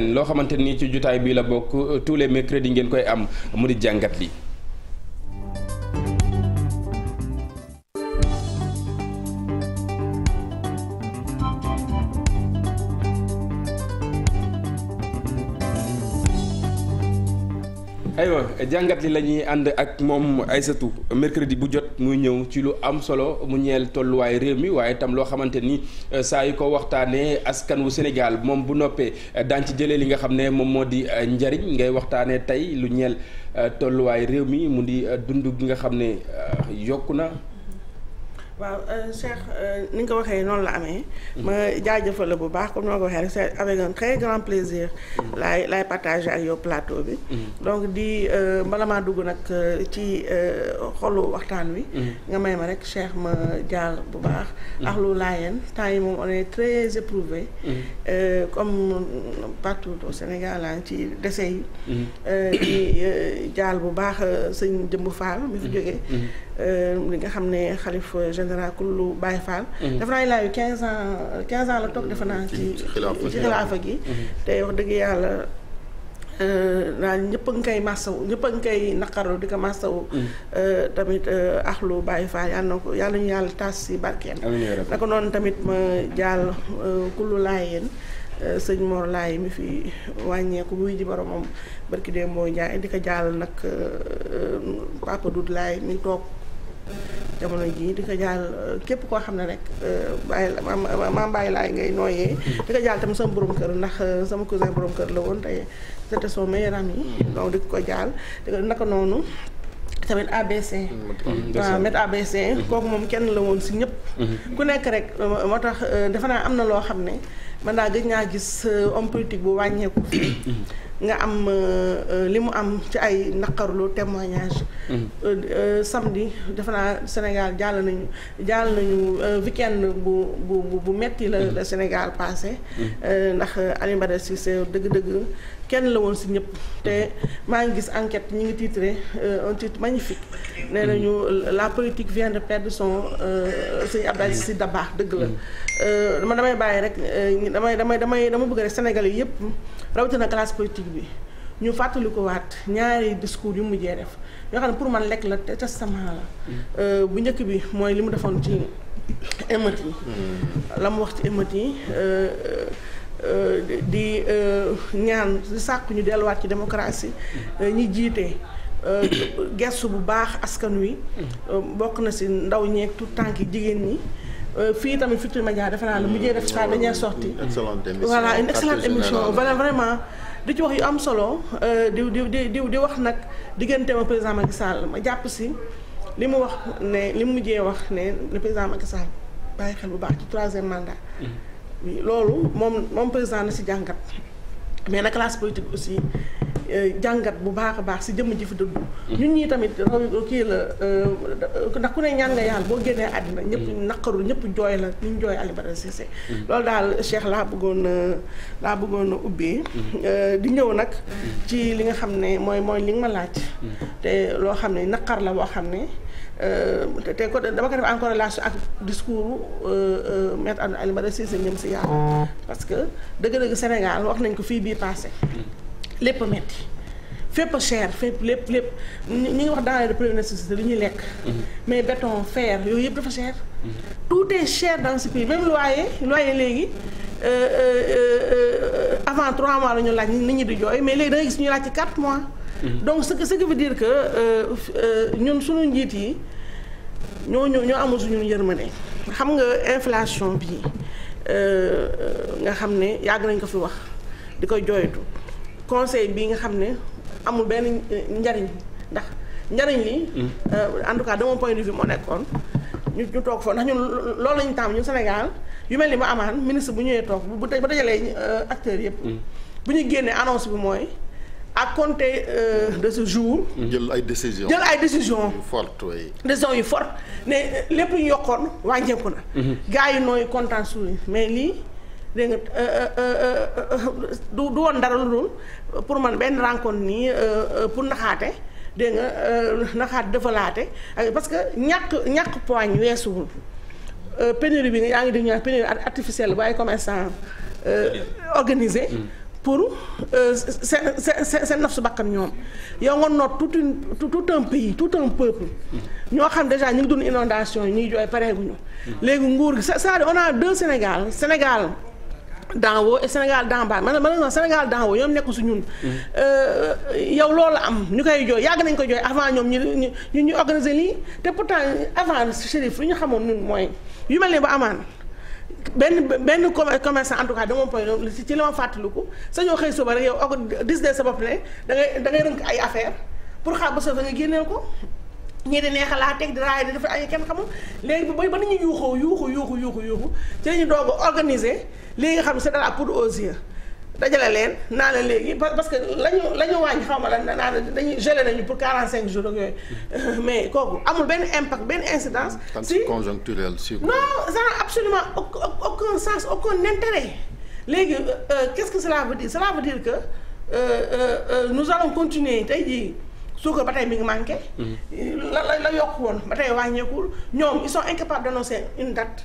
loo xamante ni ci jutaay bii la bokk tous les mercredis ngeen koy am mu di jàngat li jàngat li la ñuy ànd ak moom Aïssatou mercredi bu jot muy ñëw ci lu am solo mu ñeel tolluwaay réew mi waaye tam loo xamante ni euh, saa yu ko waxtaanee askan wu Sénégal moom bu noppee euh, daan ci jëlee li nga xam ne moom moo di euh, njariñ ngay waxtaanee tey lu ñeel tolluwaay réew mi mu di dund bi nga xam ne yokk na. waaw euh, Cheikh euh, ni nga ko waxee noonu la amee. ma jaajëfal bu baax comme ni ma ko waxee rek c'est avec un très grand plaisir. laay patage partager ak yow plateau bi. donc di euh, bala maa dugg nag ci xolu waxtaan wi. nga may ma rek Cheikh ma jaal bu baax. ak lu laayeen temps yi moom on est très éprouvé. comme partout au Sénégal ci décès yi. jaal bu baax sëñ Jëmb Fall mi fi jógee. Euh, li nga xam ne xalif général kullu Baye Fall. Mhm. dafa naa laayu quinze ans quinze ans la toog defe naa ci ci xilaafa gi mhm. te wax dëgg yàlla daal ñëpp koy massawu ñëpp a ngi koy naqaru di ko massawu. Mhm. Euh, tamit euh, axlu Baye Fall yal na ko yàlla ñu yàlla taas si barkeem. naka noon tamit ma jàll kullu laayeen sëñ Mor Laay mi fi wàññeeku buy ji boromam barki dee mooy jaay di ko jàll nag Papa Doudou Laay mi toog. jamono jii di ko jaal euh, képp koo xam ne rek euh, bàyyi maam bàyyi laay ngay nooyee mm-hmm. di ko jaal tam sama borom kër ndax euh, sama cousin borom kër la woon tey c'était son meilleur ami mm-hmm. donc di ko jaal di ko naka noonu tamit ABC mm-hmm. waaw met ABC kooku moom kenn la woon si ñëpp ku nekk rek moo tax defe naa am na loo xam ne man naa gëj ngaa gis homme politique bu wàññeeku fii nga am euh, euh, li mu am ci ay naqarlu témoignage mm-hmm. euh, samedi defe naa Sénégal jàll nañu jàll nañu weekend bu bu bu metti la mm-hmm. la Sénégal passé mm-hmm. ndax Alioune Badara Cissé dëgg-dëgg kenn la woon si ñëpp te maa ngi gis enquête ñu ngi titré un titre magnifique nee ñu la politique vient de perdre son sëñ si Sy Dabakh dëgg la dama damay bàyyi rek damay damay damay dama bëgg rek Sénégal yi yëpp rawatina classe politique bi ñu fàttali ko waat ñaari discours yu mujjee def yoo xam ne pour man lekk la te testament la euh, bu njëkk bi mooy li mu defoon ci émeutes yi hmm. la mu wax ci émeutes yi euh, euh, di ñaan di sàkk ñu delluwaat ci démocratie hmm. ñi jiite gestu bu baax askan wi hmm. bokk na si ndaw ñeeg tout tànk yi jigéen ñi Euh, fii tamit Futurs Médias defe naa la mujjee def sa dernière sortie voilà une excellente émission vraiment di ci wax yu am solo euh, di di di di wax nag diggante ma président Macky Sall ma jàpp si li mu wax ne li mu mujjee wax ne le président Macky Sall xel bu baax ci troisième mandat mhm. loolu moom moom président na si jàngat mais la classe politique aussi jàngat bu baax a baax si jëmm ji fi dëgg. ñun ñii tamit kii la euh, ndax ku ne ñaan nga yàlla boo génnee àddina ñëpp mm-hmm. naqarul ñëpp jooy la ñu jooy Ali Badara Cissé mm-hmm. loolu daal Cheikh laa bëggoon euh, laa bëggoon a ubbee mm-hmm. euh, di ñëw nag ci li nga xam ne mooy mooy li nga ma laaj te loo xam ne naqar la boo xam ne te ko dama ko def en corrélation ak discours maître Alioune Badara Cissé ñëm si yàlla parce que dëgg-dëgg Sénégal wax nañ ko fii bii passé lépp a metti fépp a cher fépp lépp lépp ñu ngi wax denrées de première nécessité li ñuy lekk. Mhm. mais béton fer yooyu yëpp dafa cher. Mhm. tout est cher dans ce pays même loyer loyer léegi euh, euh, euh, avant trois mois la ñu laaj nit ñu di jooy mais léegi da ngay gis ñu laaj ci quatre mois. Mhm. donc ce que ce qui veut dire que ñun suñu njiit yi ñoo ñoo ñoo amul suñu yërmande xam nga inflation bi nga xam ne yàgg nañ ko fi wax di koy jooytu. conseil bi nga xam ne amul benn njariñ ndax njariñ li mm. euh, en tout cas de mon point de vue moo nekkoon ñu ñu toog foofu ndax ñu lool lañu tàmm ñu Sénégal yu mel ni ba amaan ministre bu ñëwee toog bu ba dajalee euh, acteurs yëpp mm. bu ñu génnee annonce bi mooy ak compter euh, de ce jour. Mm. jël ay décisions ay décisions. yu fortes oui. décisions yu fortes ne lépp ñu yokkoon wàññeeku na. Mm-hmm. gars yi nooy kontaan suñu mais lii dégg nga du du woon dara lu dul pour man benn rencontre nii euh, euh, pour naxaate dégg nga euh, naxaat defalaate parce que ñàkk ñàkk poigne weesuwul pénurie bi nga yaa ngi dégg ñu pénurie artificielle waaye comme instant organisé mm. pour seen seen seen naf su bakkan ñoom yow nga noot tout une tout un pays tout un peuple mm. ñoo xam déjà ñu ngi dund inondation yi ñuy jooy pareeguñu mm. léegi nguur gi c'est-à-dire on a Sénégal Sénégal d'en haut et Sénégal d'en bas malheureusement Sénégal d'en haut ñoom nekk su ñun. Euh, yow loolu am ñu koy jooy yàgg nañ ko jooy avant ñoom ñu ñu ñu organiser lii te pourtant avant Chérif li ñu xamoon ñun mooy yu mel ne ba amaan benn benn commerçant en tout cas de mon point ci la ma fàttaliku sañoo xëy suba rek yow ok dis de sa bopp ne da ngay da ngay rënk ay affaire pour xaar ba soo nga génneel ko. ñii di neexalaat teg di raay di dafa ay kenn xamul léegi bi ba nañu yuuxoo yuuxu yuuxu yuuxu yuuxu ci lañu doog a organiser lii nga xam ne c'est de la poudre aux yeux dajale leen naa la léegi parce que lañu lañu wàññi xaw ma la naa la dañuy gelé nañu pour 45 jours ak yooyu mais kooku amul benn impact benn incidence mm-hmm. si conjoncturel si non ça n'a absolument aucun sens aucun intérêt léegi euh, euh, qu'est-ce que cela veut dire cela veut dire que euh, nous allons continuer tey jii suukar ba tey mi ngi manqué. Mm-hmm. la la la yokk woon ba tey wàññeekul ñoom ils sont incapables d'annoncer une date.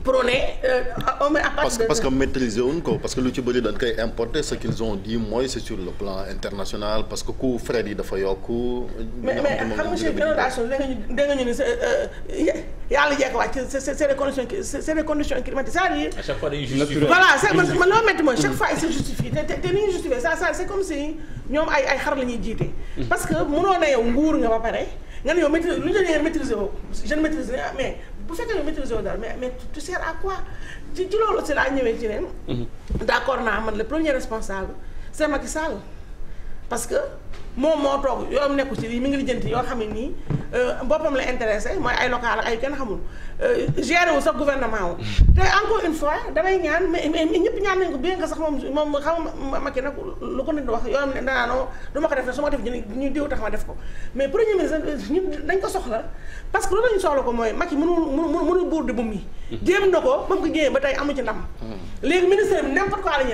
prôné euh, au moins parce que maîtriser wuñ ko parce que lu ci bëri dañ koy importer ce qu'ils ont dit mooy c'est sur le plan international parce que ku frais yi dafa yokk. mais mais xam nga si inondation dégg nga ñu euh, wàcc c'est les conditions c'est les conditions climatiques c'est-à-dire. à chaque man loo métti mooy chaque fois ils se justifient te ni ñu justifier ça ça c'est comme si ñoom ay ay xar la ñuy jiite. parce que mënoo na yow nguur nga ba pare nga ne yow maîtrise lu ñu la bu fekkee ne maîtrise wu daal mais mais tu sers à quoi ci ci si laa ñëwee ci neen mhm. d' accord naa man le premier responsable c' est Macky Sall parce que moom moo toog yoom nekku ci mi ngi lijjanti yoo xam ne nii euh, boppam la intéressé mooy ay local ak ay kenn xamul euh, géré wu sax gouvernement wu te encore une fois damay ñaan mais ñëpp ñaan nañ ko bien que sax moom moom xam nga Macky ko nit wax yoom ne danaanoo du ma ko def ne su ñu diw tax ma def ko mais premier ministre ñu dañ ko soxla parce que lu dañu soxla ko mooy Macky mënul mënul mënul buur di bu mi jéem na ko ba mu ko génnee ba tey amu ci ndam mm. léegi ministère bi n'importe quoi la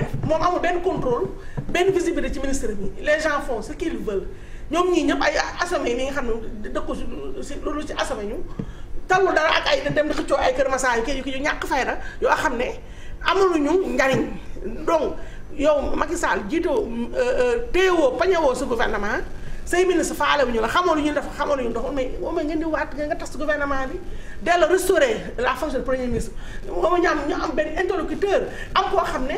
benn visibilité ci ministre bi les gens font ce qu'ils veulent ñoom ñii ñëpp ay asame yi nga xam ne dëkku si si loolu si asame ñu tallu dara ak ay dem di xëccoo ay kër masaa yu kii yu kii yu ñàkk yoo xam ne ñu njariñ donc yow Macky Sall jiitoo euh, euh, téewoo pañewoo sa gouvernement say ministre faale wu ñu la xamoo lu ñu def xamoo lu ñu doxul mais ma ngeen di waat nga tas gouvernement bi delloo restaurer la fonction de premier ministre moom ñaam ñu am benn interlocuteur am koo xam ne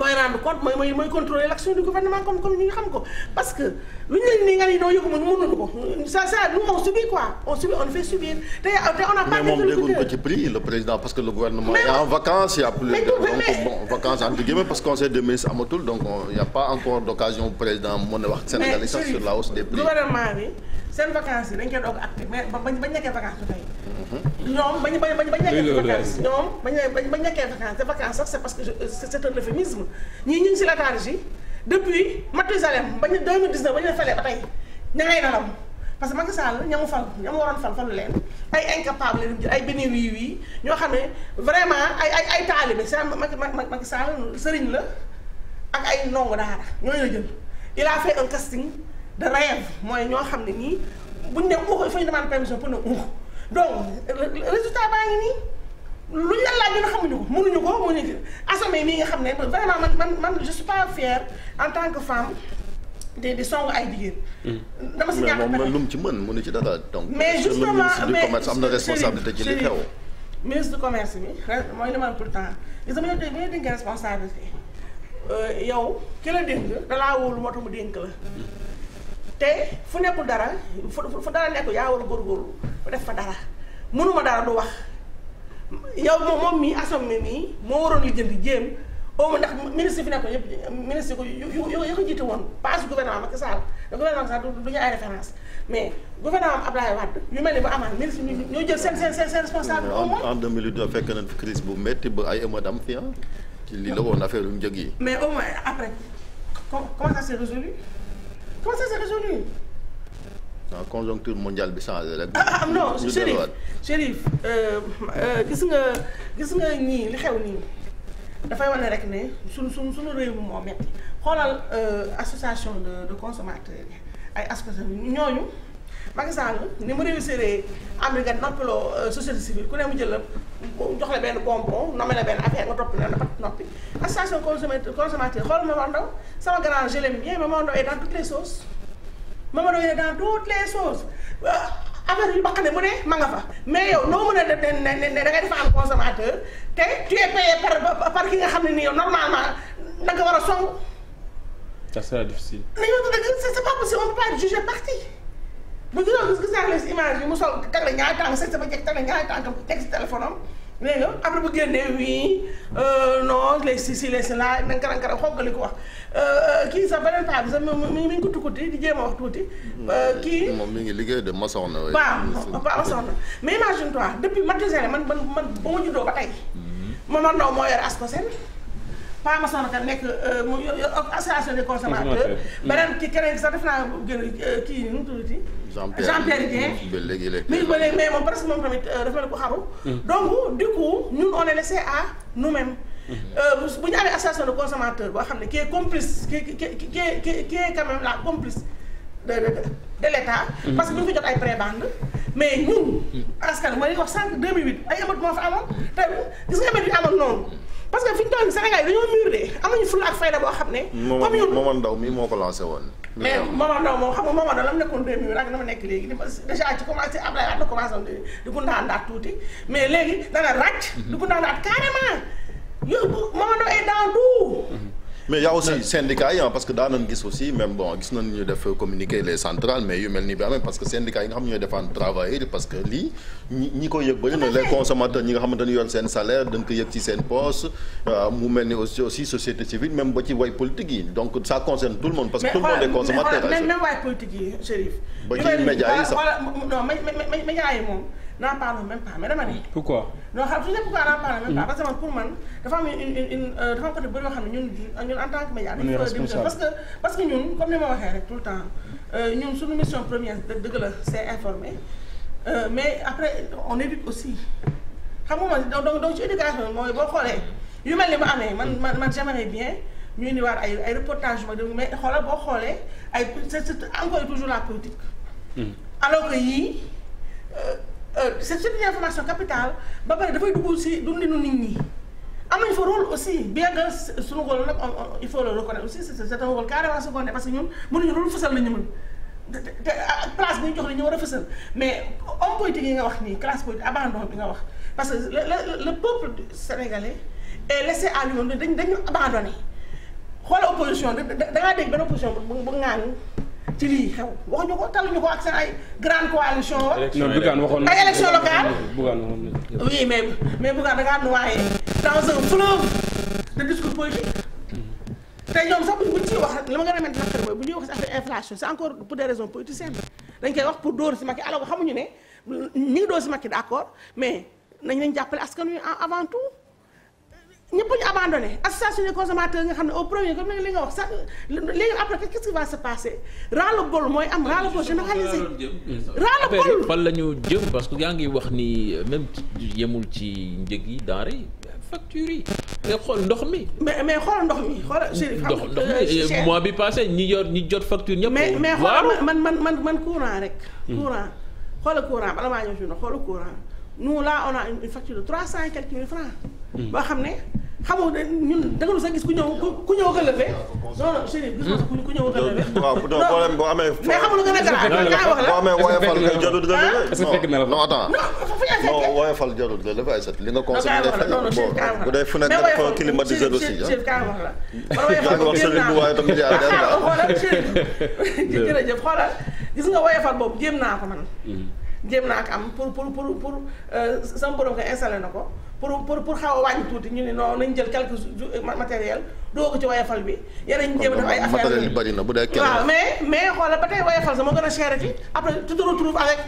mooy rendre compte mooy mooy mooy l'action du gouvernement comme comme ñu xam ko parce que lu ñu ni nga ni doo yëgu ma ñu mënoon ko ça ça nous on subit quoi on subit on fait subir te on a pas mais moom dégguñu ko ci prix le président parce que le gouvernement est en vacances y a plus de donc bon vacances entre parce que conseil des ministres amatul donc y pas encore d'occasion président mën a wax sénégalais sax sur la hausse des seen vacances yi dañ koy doog acté mais ba bañ vacance ba tey mhm. ñoom bañ bañ bañ bañ nekkee vacance ñoom bañ bañ bañ nekkee vacance te vacance sax c'est parce que euh, c'est un euphémisme ñii ñu ngi si léthargie depuis Mathusalem bañ 2019 bañ ne falee ba tey ña ngay nalaw parce que Macky Sall ñamu fal ñamu waroon fal falu leen ay incapable lañu ay béni wii wii ñoo xam ne vraiment ay ay ay taalibe sa sëriñ la ak ay ndongo daara ñooñu la jël il fait un casting de rêve mooy ñoo xam ne nii buñ ne uux il faut ñu demande permission pour ne uux donc résultat baa ngi nii luñ la laaj ñu ne xamuñu ko mënuñu ko mënuñu assemblée xam ne vraiment man man man je suis pas fière en tant que di di song ay jigéen. Hmm. dama si ñàkk mais lu mu ci mën mënu ci dara donc. mais justement ministre du commerce am na responsabilité ci li xew. ministre du commerce bi mooy li ma tout le temps gis nga bu ñu dénkee responsabilité euh, yow ki la dénk dalaa wóolu moo tax mu dénk la. te fu nekkul dara fu dara nekkul yaa war a góorgóorlu def fa dara mënuma dara du wax yow moom moom mii assemblée mii moo waroon li jënd jéem omo ndax ministre fi nekkoon yëpp yu yu yu ko jiite woon pas gouvernement Macky Sall le gouvernement Sall du ñu ay référence mais gouvernement Abdoulaye Wade yu mel ni bu amaan ministre ñoo jël seen seen seen responsable au moins en 2008 fekk nañ fi crise bu métti ba ay émeute am fi ah. ci li la woon affaire yu mais au moins après comment ça s'est comment ça s'est résolu. non conjoncture mondiale bi changé rek. ah, ah non Chérif Chérif euh, euh, gis nga gis nga ñii li xew nii dafay wane rek ne suñ suñ suñu réew mi moo metti xoolal euh, association de de consommateurs yi ay askan ñooñu. Macky Sall ni mu réussir am nga noppiloo euh, société civile ku ne mu jël la jox la benn bonbon nommé la benn affaire nga topp na dafa noppi. association consommateur consommateur xool Mamadou Ndaw sama grand je l'aime bien Mamadou Ndaw est dans toutes les sauces Mamadou Ndaw est dans toutes les sauces euh, affaire yu ba xam ne mu ne ma nga fa. mais yow noo mën a def ne ne ne dangay dafa am consommateur te tu es payé par par ki nga xam ne nii yow normalement danga war a song. ça sera difficile. mais yow dëgg c'est pas possible on peut pas juger parti. bu gisoon gis naa leen si image bi mu sol teg la ñaari tànk sëñ sama jekk teg la ñaari tànk teg si téléphone am nee nga après bu génnee oui euh, non les si si les si laa nankaran karan xoggali ko wax euh, euh, kii sax beneen paa bi sax mi mi ngi ko tukkuti di jéem a wax tuuti. Mm. kii moom mi ngi liggéey de maçon na. waaw mm. maçon na mais imagine toi depuis matiselle man man man ba ma juddoo ba tey. Momar mm-hmm. Ndao moo yor ASCOSEN. Paa Masson ka nekk mu association des consommateurs. beneen ki keneen sax def naa gën kii nu mu tuddati. Jean Pierre Jean Pierre Dieng. ba léegi léegi mi ngi ba léegi mais moom parce que moom tamit euh, dafa mel ni ko xaru. Hmm. donc du coup ñun on est laissé à nous-mêmes. Hmm. Euh, bu ñu amee association de consommateur boo xam ne qui est complice qui qui qui est quand même la complice de de de l'État. Hmm. parce que bu ñu ko jot ay prébendes. mais ñun. askan wi ma leen wax sànq 2008 ay émeutes moo fa amoon te gis nga émeutes yi amoon noonu. parce que fi ñu toll nii Sénégal yi dañoo mûr de amuñu ful ak fayda boo xam ne. comme ñun Momar Ndao mii moo ko lancé woon. ma ma Ndao moom xam nga Momar Ndao la mu nekkoon 2000 ak na ma nekk léegi dèjà ci commencé Abdoulaye Wade la commencé woon di ko ndaandaat tuuti mais léegi da nga ràcc. Mhm. di ko ndaandaat carrément yow Momar Ndao est dans tout. mais ya a aussi syndicats yi parce que daan nañ gis aussi même bon gis nañ ñu def communiquer les centrales mais yu mel ni bi amee parce que syndicats yi nga xam ñooy défendre travailleurs parce que lii ñi ñi ko yëg bëri na les consommateurs ñi nga xamante yor seen salaire dañ ko yëg seen poste euh, mu mel ni aussi aussi société civile même ba ci way politique yi donc ça concerne tout le monde. parce que tout le monde est yi Chérif. ba ci médias yi sax moom. n'en parlons même pas mais dama ne. pourquoi. non xam su ñu pourquoi n'en parlons même pas hmm. parce que man pour man dafa am une une yoo euh, xam ne ñun ñun en tant que média. dañu ko parce que ni ma waxee rek tout le euh, la c'est informer euh, mais après on éduque aussi xam nga man donc donc ci éducation mooy boo xoolee yu mel ni mu amee man man man j'aimerais bien. ñu indiwaat ay ay reportage yu ma déglu mais boo xoolee ay c'est encore toujours la politique. Hmm. alors que yii Euh, c'est une information capitale ba pare dafay dugg si dundinu nit ñi am nañu fa rôle aussi bien que suñu rôle nag il faut le reconnaître aussi c'est un rôle carrément secondaire parce que ñun mënuñu loolu fësal ah, la ñu mën te place bu jox la ñu war a fësal mais homme politique yi nga wax nii classe politique abandon bi nga wax parce que le le peuple sénégalais est laissé à lui-même dañ dañu abandonné xoola opposition da da ngaa dégg benn opposition bu bu ŋaan ci lii xew waxuñu ko taluñu ko ak seen ay grande coalition wa ay élection locale waxoon na mais Bougane da ngaa noyé dans un fleuve de te ñoom sax buñ ciy wax li ma gën a mën naqar bu ñuy wax si affaire inflation c'est encore pour des raisons politiciennes dañ koy wax pour dóor si Macky alors xamuñu ne ñu si dóor si Macky d'accord mais nañ leen jàppale askan wi avant tout ñëpp ñu abandonné association des consommateurs nga xam ne au premier comme li nga wax sax léegi après qu'est-ce qui va se passer ras le mooy am ras-le-bol généralisé ras-le-bol la ñu que yaa ngi wax ni même ci njëg yi denrée facture yi nga xool ndox mi mais mais xool ndox mi xool ndox mi euh, euh, bi passé ñi yor ñi jot facture ñëpp mais mais xool man man man man courant rek hmm. courant xoola courant bala maa ñëw si ndox xoola courant nous là on a une facture de trois cent et quelques mille francs Mm. ba xam ne xamoo ne ñun sa gis ku ñëw ku ñëw ak a lëfee. non gis nga ku ñëw ak a lëfee. waaw bu boo amee. mais xamul la boo amee woyofal nga jarul nga lëfee. est-ce la non attends non woyofal li nga conseillé nga fekk bon bu dee fu nekk nga def climatiseur aussi ah. yaa ngi xoolal gis nga woyofal boobu jéem naa man mm. jéem naa ko am pour pour pour euh, sama borom nga installé na ko pour pour pour xaw a wàññi tuuti ñu ne non nañ jël quelques euh, matériel doo ko ci wayafal bi yeneen jéem def ay affaire matériel na bu dee kenn waaw mais mais xoolal ba tey wayafal sama gën a cher ci après tu te avec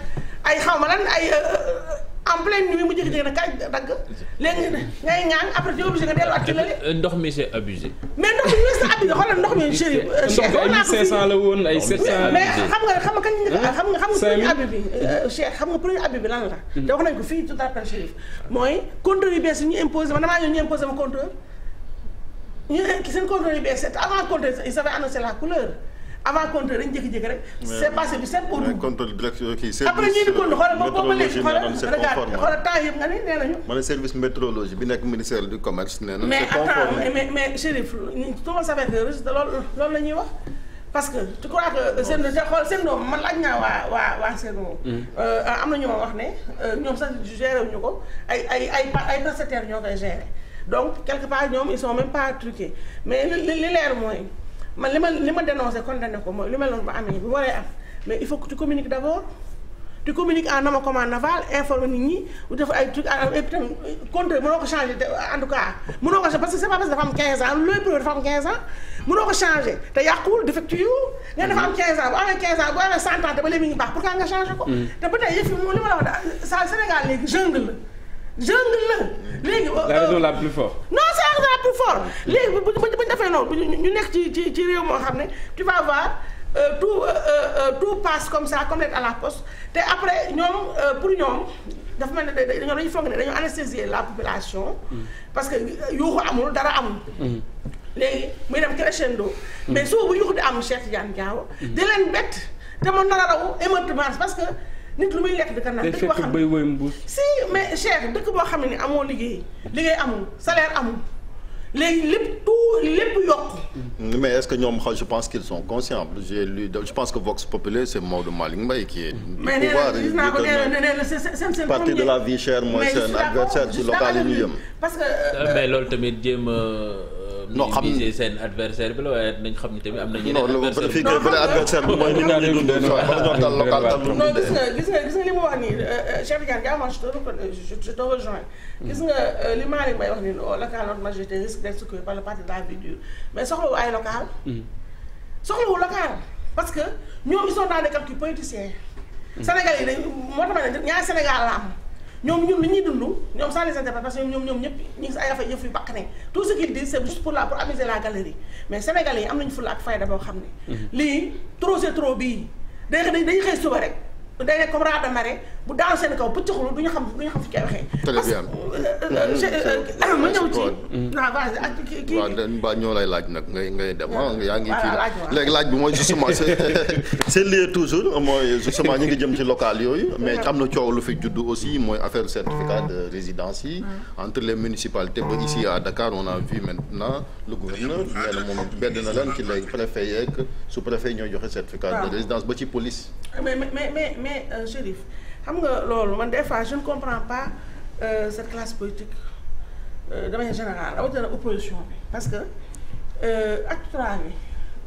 ay xaw ma lan ay euh, en pleine nuit mu jékki-jékki nag kaay dagg léegi ngay ñaan après tu es obligé nga delluwaat ci lële. Euh, ndox mi c'est abusé. mais ndox mi c'est abusé xoolal ndox mi. chéri Cheikh ndox mi ay 1500 la woon ay 700. mais xam nga xam nga kañ nga ah, xam nga xam nga premier abi bi euh, Cheikh xam nga premier abi bi lan la. te wax nañ ko fii tout à fait chérif mooy contrôle yu bees yi ñu imposé ma damaa ñëw ñu imposé ma contrôle ñu seen contrôle yu bees avant contrôle ils avaient annoncé la couleur. avant compteur dañu jékki-jékki rek. c'est passé du euh, set boobu ba léegi xoolal regarde xoolal temps service météorologie bi nekk ministère du commerce. mais mais la ñuy wax. parce que tu crois que euh, seen hmm. euh, am na ñoo wax ne ñoom sax géré wuñu ko ay ay ay ay prestataires ñoo koy gérer donc quelque part ñoom ils sont même pas truqués mais li li leer mooy. man li ma li ma dénoncé condamné ko mooy lu mel noonu ba amee bu waree am mais il faut que tu communiques d' abord tu communiques en amont comme en informe nit ñi bu def ay truc et puis tam compte mënoo ko changé en tout cas mënoo ko parce que c' pas dafa am 15 ans looy prouvé dafa am 15 ans mënoo ko changé te yàquwul défectueux nga dafa am 15 ans bu amee 15 ans bu amee 100 te ba léegi mi ngi baax pourquoi jungle la léegi. Oh, la raison oh. la plus forte. non c'est la raison la plus forte léegi bu bu bu ñu defee noonu ñu nekk ci ci ci réew moo xam ne tu vas voir euh, tout euh, euh, tout passe comme ça comme lettre à la poste te après ñoom pour ñoom dafa mel ne dañoo dañu foog ne dañoo anesthésier la population. Mm. parce que yuuxu amul dara amul. Mm. léegi muy dem crescendo. Mm. mais suuf bu yuuxu di am Cheikh Tidiane Diaw. di leen bett te mu nar a raw émeute parce que. nit lu muy lekk di ko naan dëkk boo xam ne si mais cher dëkk boo xam ne amoo liggéey liggéey amul salaire amul léegi lépp tout lépp yokk. mais est-ce que ñoom je pense qu'ils sont conscients j'ai lu je pense que Vox Populi c'est Maodo Malick Mbaye qui est. mais nee na gis naa ko nee parti de la vie chère mooy seen adversaire ci local yi ñu yëm. parce que euh, euh, mais loolu tamit jéem non xam ni seen adversaire bi la waaye nañ xam ni tamit am na. ñeneen adversaire adversaire bi mooy ni ñu daan dundee non non local tam nga gis nga gis nga li mu wax wax nii local notre majorité risque d'être secouée par le parti de la vie dure mais soxlawu ay local. Hmm. soxlawu local parce que ñoom ils sont dans des calculs politiciens. Sénégal yi dañ moo tax ma ne Sénégal am. ñoom ñun li ñuy dund ñoom ça les intéresse ñoom ñoom ñëpp ñu ngi si ay affaire yëf yu bakk ne tout ce qu'il dit c'est juste pour la pour amuser mais sénégalais yi am nañu fulla ak fayda boo xam ne mhm. lii trop c'est trop bii day day xëy suba rek day nekk comme raa de marée bu daanu seen kaw pëccëxlu du ñu xam du ñu xam fi koy waxee. télé bi ma euh, euh, euh, lay laaj nag ngay ngay dem ah yaa ngi kii léegi laaj bi mooy justement c'est lié toujours mooy justement ñu ngi jëm ci local yooyu. mais am na coow lu fi juddu aussi mooy affaire certificat de résidence yi. entre les municipalités ba ici à Dakar on a vu maintenant le gouverneur na moom bedd na leen ci léegi préfet yeeg sous ñooy joxe certificat de résidence ba ci police. mais mais mais xam nga loolu man des fois je ne comprends pas euh, cette classe politique euh, de manière générale rawatina opposition bi parce que euh, acte trois bi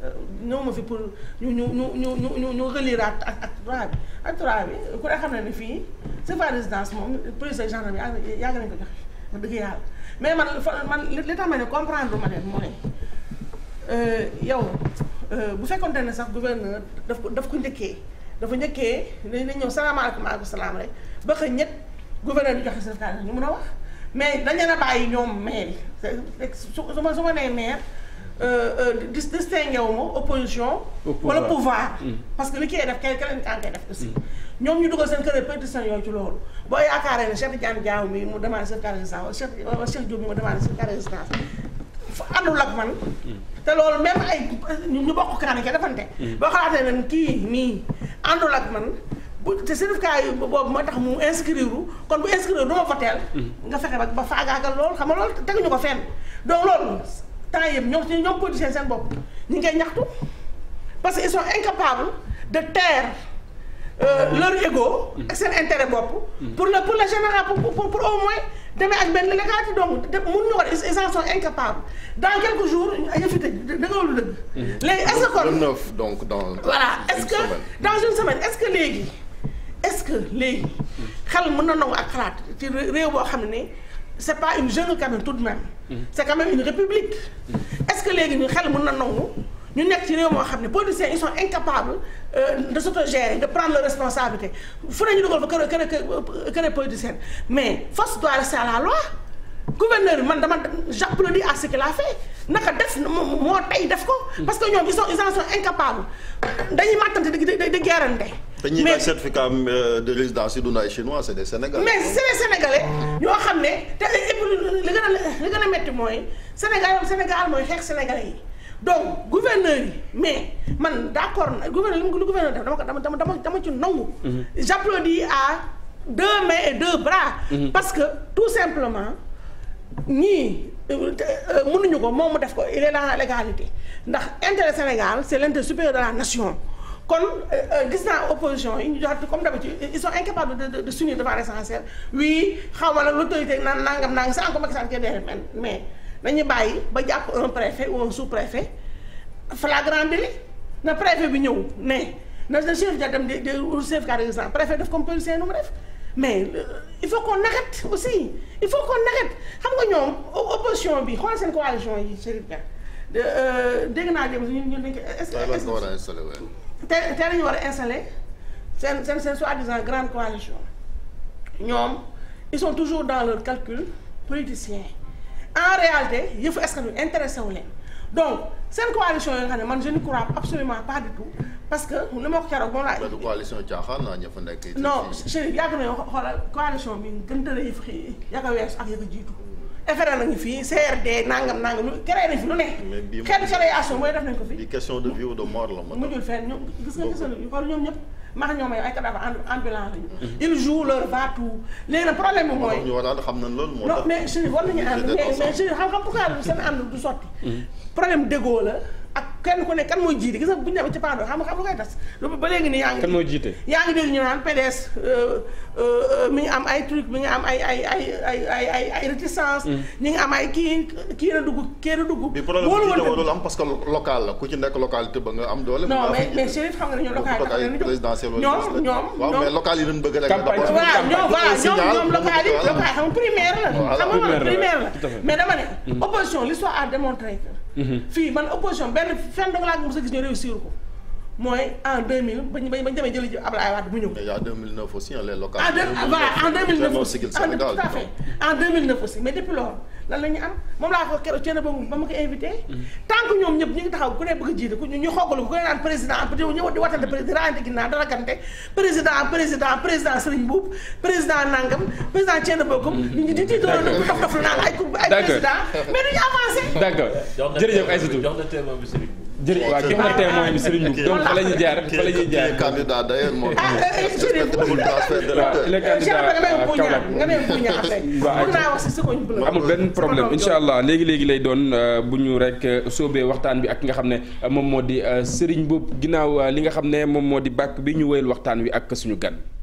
euh, ñëw ma fi pour ñu ñu ñu ñu ñu ñu ñu reliraat ak acte trois bi acte trois bi ku ne xam ne ni fii c'est pas résidence moom police ak gendarmerie yi yàgg nañu ko joxe wax dëgg yàlla mais man man li tax ma ne comprendre ma leen mooy euh, yow bu fekkonte ne sax gouverneur daf ko daf ko njëkkee dafa njëkkee dañ na ñëw salaamaaleykum maaleykum salaam rek ba xëy ñett gouverneur bi joxe certificat ñu mën a wax mais dañ leen a bàyyi ñoom maire yi su ma su ma nee maire euh, euh, dis distingué wu ma opposition. wala pouvoir mm. parce que li kii def kenn keneen kan koy def aussi. Mm. ñoom ñu dugal seen kër pétition yooyu ci loolu boo yaakaaree ne Cheikh Tidiane Diaw mi mu demandé certificat de résidence wala Cheikh wala mu demandé certificat de résidence àndul ak man. Mm. te loolu même ay ñu bokk kaan yi àndul ak man bu te syndicat yi boobu moo tax mu inscrire kon bu inscrire du ma voteel mm-hmm. nga fexe rek ba faagaagal loolu xam nga loolu teguñu ko fenn donc loolu temps yëpp ñoom si ñoom politiciens seen bopp ñu ngi koy ñaxtu parce que ils sont incapables de taire euh, leur ego. Mm-hmm. ak seen intérêt bopp. Mm-hmm. pour le pour le général pour pour au demee ak benn légaati donc de mun ñu war ils en dans quelques jours yëfi tëj da nga warul mhm. léegi est ce que kon donc dans. voilà est ce que léegi est ce que léegi. xel mun na nangu ak xalaat ci réew boo xam ne c' est pas une jungle quand même tout de même. Mhm. c' est quand même une république. Mhm. est ce que léegi ñu xel mun na nangu. ñu nekk ci réew moo xam ne politiciens ils sont incapables euh, de s'autogérer de prendre leur responsabilité fu nañu dugal fa kër kër kër politicien mais force doit rester à gouverneur bi man dama j'applaudis à ce qu'il a fait naka def moo tey def ko parce que ñoom ils sont ils en sont incapables dañuy màttante di di gerante dañuy ay euh, de résidence yi dund ay chinois c'est des sénégalais. mais c'est des ñoo xam ne te li gën a li gën a métti mooy sénégal sénégal mooy xeex donc gouverneur yi mais man d' accord gouverneur lu gouverneur def dama dama dama dama ci nangu. Mhm. j' applaudis à deux mains et deux bras. Mhm. parce que tout simplement ñii euh, euh, mënuñu ko moom mu def ko légalité ndax intérêt Sénégal c' est l' intérêt supérieur de la nation. kon euh, gis naa opposition yi ñu joxat comme d'habitude ils sont incapables de de s'unir devant l'essentiel oui xaw ma nag l'autorité naan nangam nangam c'est encore Macky Sall mais. nañu bàyyi ba jàpp un préfet ou un sous-préfet flagrant délit na préfet bi ñëw ne na le chef da dem de de chef par exemple préfet def comme policier nu mu mais euh, il faut qu'on arrête aussi il faut qu'on arrête xam nga ñoom opposition bi xool seen coalition yi Chérif Ka euh, dégg naa dem ñun ñun dañ ko. est-ce que war a installé te te lañu war a installé seen seen seen soi-disant grande coalition ñoom ils sont toujours dans leur calcul politicien. en réalité yëfu askan wi intéressé wu leen donc seen coalition yi nga xam ne man je ne absolument pas du tout parce que nu ma ko keroog moom laa. loolu coalition caaxaan naa ña fa non Chérif yàgg nañu xoolal coalition bi gën a yëf xëy yàgg a weesu ak yàgg jiitu. FRN la ñu fii CRD nangam nangam ñu créé fi lu ne. mais bii xeetu création mooy def nañ ko fi. mujjul fenn ñoom gis nga gis nga xool ñoom ñëpp. max ñoom ay cadavre ambulance lañu. ils jouent leur va-tout. léegi nag problème bi mooy. ñu war a xam nañ loolu moo tax. non mais suñu war nañu ànd mais mais suñu xam-xam pourquoi seen ànd du sotti. Mm. problème déggoo la. kenn ku ne kan mooy jiite gis nga bu ñu demee ci paandoo xam nga xam lu koy tas lu ba léegi nii yaa ngi kan mooy jiite yaa ngi dégg ñu naan PDS euh, euh, euh, mi ngi am ay truc mi ngi am ay ay ay ay ay ay ay réticence mm. ñi ngi am ay kii kii na dugg kii na dugg wóolu wóolu am parce que local la ci nekk localité ba nga am doole non mais mais chérif xam nga ne ñoom local présidentielle ñoom ñoom waaw mais local yi dañ bëgg rek campagne ñoom ñoom ñoom local yi local xam nga primaire la xam nga primaire la mais dama ne mm. opposition l'histoire a démontré Mm-hmm. fii man opposition benn fenn dama laa mos a gis ñu réussir ko. mooy en 2000 bañ bañ bañ demee jëli ji Abdoulaye Wade mu ñëw. mais y' a 2009 aussi les locales. en deux lan la am moom laa ko keroog cee na boobu ma ko invité. Mm-hmm. tant ñoom ñëpp ñu ngi taxaw ku ne bëgg a jiite ñu xoogalu ku ne naan président di président raante président président président Serigne président Nangam président cee na boogum. Mm-hmm. ñu di tiitoon na ku dof dof la naan ay. ay président mais du ñu avancé. d' jërëjëf waaw ki ma témoin la ñuy jaar fa la ñuy jaar kii candidat d'ailleurs moom. Ah, waaw amul benn problème incha allah léegi léegi lay doon euh, bu ñu rek euh, soobee waxtaan bi ak nga xam ne euh, moom moo di Serigne Mboup ginnaaw li nga xam ne moom moo di bàkk bi ñu wéyal waxtaan wi ak suñu gan.